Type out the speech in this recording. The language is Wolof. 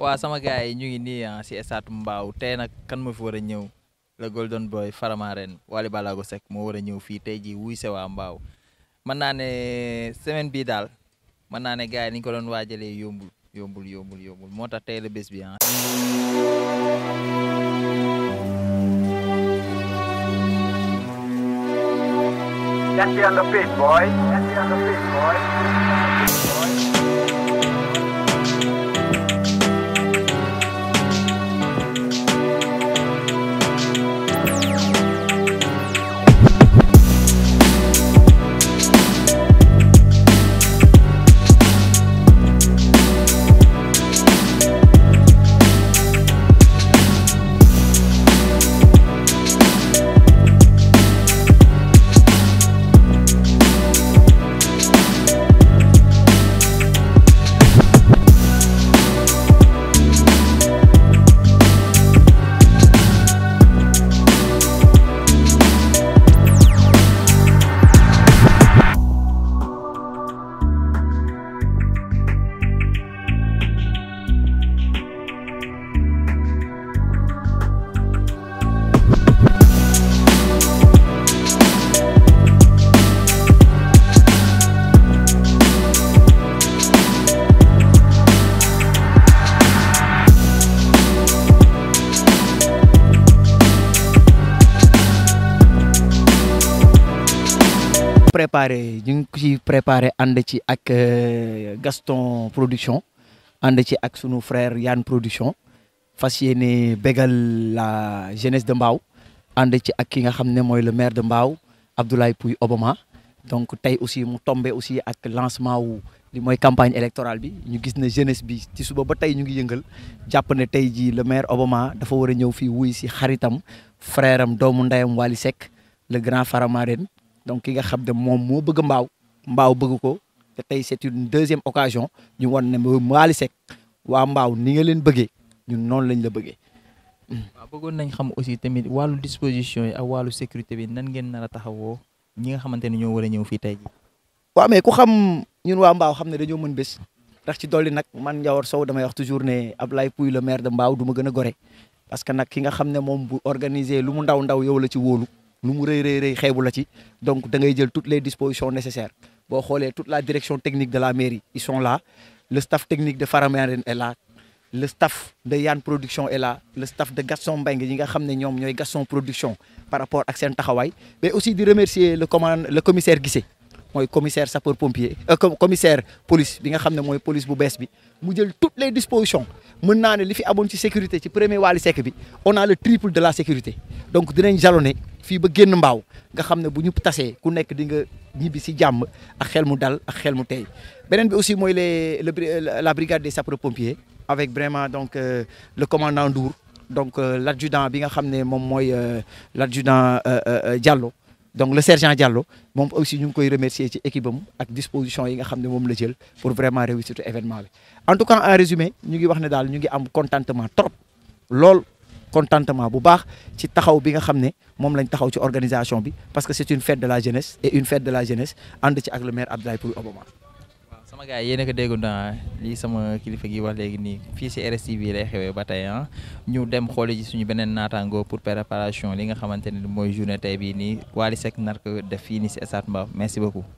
waa sama gars yi ñu ngi nii ah si stade Mbao tey nag kan ma fi war a ñëw le golden boy Faramaren Wally Ballago Seck moo war a ñëw fii tey jii wuy se waa Mbao mën naa ne semaine bii daal mën naa ne gars yi ni ñu ko doon waajalee yombul yombul yombul yombul moo tax tey la bés bi ah. préparé ñu ngi ko ci préparé ànd ci ak euh, Gaston production ànd ci ak sunu frère Yann production fas yéene bégal la jeunesse de Mbao ànd ci ak ki nga xam ne mooy le maire de Mbao Abdoulaye Pouye Obama donc tey aussi mu tombe aussi ak lancement wu li mooy campagne électorale bi ñu gis ne jeunesse bi ci suba ba tey ñu ngi yëngal jàpp ne tey jii le maire Obama dafa war a ñëw fii wuy si xaritam frère doomu ndeyam Wally Seck le grand Faramareen donc ki nga xam ne moom moo bëgg mbaaw mbaaw bëgg ko te tey c'est une deuxième occasion ñu wan ne maali Seck waa mbaaw ni nga leen bëggee ñun noonu lañ la bëggee. waaw bëggoon nañ xam aussi tamit wàllu disposition yi ak wàllu sécurité bi nan ngeen nar a taxawoo ñi nga xamante ne ñoo war a ñëw fii tey ji waaw mais ku xam ñun waa mbaaw xam ne dañoo mën bés ndax ci dolli nag man Ndiawar Sow dama wax toujours ne Ablaye Pouy le maire de mbaaw du ma gën a gore parce que nag ki nga xam ne moom bu organiser lu mu ndaw ndaw yow la ci wóolu lu mu rëy rëy rëy xeebu la ci donc da ngay jël toutes les dispositions nécessaires boo xoolee toute la direction technique de la mairie ils sont là le staff technique de Faramaren est là le staff de Yann Production est là le staff de Gaston Mbengue ñi nga xam ne ñoom ñooy Gaston Production par rapport ak seen taxawaay mais aussi di remercier le commande le commissaire Guissé mooy commissaire sapeur pompier euh, commissaire police bi nga xam ne mooy police bu bees bi mu jël toutes les dispositions mën naa ne li fi amoon ci sécurité ci premier Wally Seck bi on a le triple de la sécurité donc dinañ jalonné fii ba génn mbaaw nga xam ne bu ñu tasee ku nekk di nga ñibbi si jàmm ak xel mu dal ak xel mu tey beneen bi aussi mooy les euh, la brigade des sapeurs pompiers avec vraiment donc euh, le commandant Ndour donc la judant bi nga xam ne moom mooy la l'adjudant Diallo donc le sergent Diallo moom aussi ñu ngi koy remercier ci équipe am ak disposition yi nga xam ne moom la jël pour vraiment réussir événement bi en tout cas en résumé ñu ngi wax ne daal ñu ngi am contentement trop lool contentement bu baax ci taxaw bi nga xam ne moom lañ taxaw ci organisation bi parce que c'est une fête de la jeunesse et une fête de la jeunesse ànd ci ak le maire Abdoulaye sama gars yéen a ko déggoon lii sama kilifa gi wax léegi nii fii si RSTV lay xewee ba tey ah ñu dem xooli suñu beneen naataango pour préparation li nga xamante ne mooy journée tey bii nii Wally Seck nar ko def fii nii si Esat Mbao merci beaucoup.